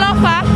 alors pas